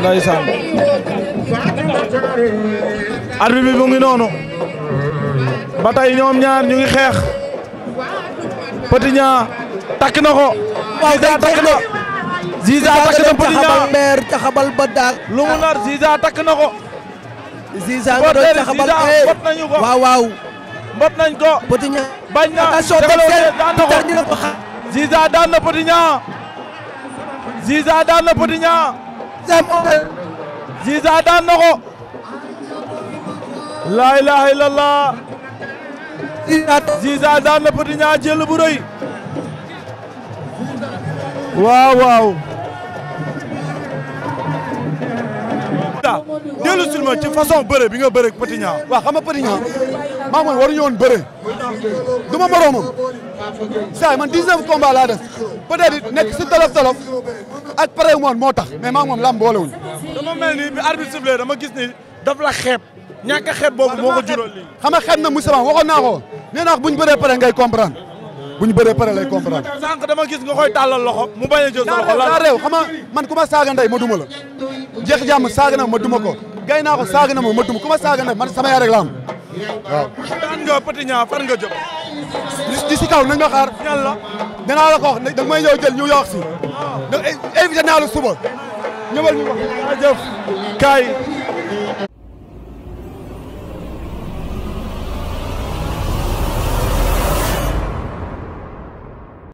ndeysaan arbi bi mu ngi noonu ba tey ñoom ñaar ñu ngi xeex Petit Niang takk na ko Ziza takk na Ziza takk na Petit Niang meer taxabal ba daal lu mu nar Ziza takk na ko Ziza nga doon taxabal waaw waaw mbot nañ ko. Petit Niang bañ na daan ko Ziza daan na Petit Niang. Ziza daan na Petit Niang. Ziza daan na ko. laa ilaaha illallah. Ziza daan na Petit Niang jël bu waaw waaw. ñaa dellu sil ma ci façon bëre bi nga bëre petit ñaa waaw xam nga petit ñaa maa moom waruñu woon bëre du ma moroomam saay man 19 combat laa def peut nekk si tolof tolof a pare moon moo tax mais maa moom lam boolewuñ dama mel ni bi arbitre sifflé dama gis ni daf la xeeb ñàkk a xeeb boobu moo ko jural lii xam nga na Moussa waxoon naa ko nee naa buñ bëree pare ngay comprendre buñ bëree pare lay comprendre sànq dama gis nga koy tàllal loxo mu bañ a jël sa loxo la réew xam nga man ku ma saaga ndey ma jeex jàmm saaga na ma duma ko gay ko saaga na ma ma duma ku ma saaga na man sama yaay rek la am waaw. daan nga Petit Niang fan nga jëm. di si kaw nañ ma xaar. yàlla la ko wax nag da nga may si. Ah. donc invité naa la suba ñëwal ñu wax. jëf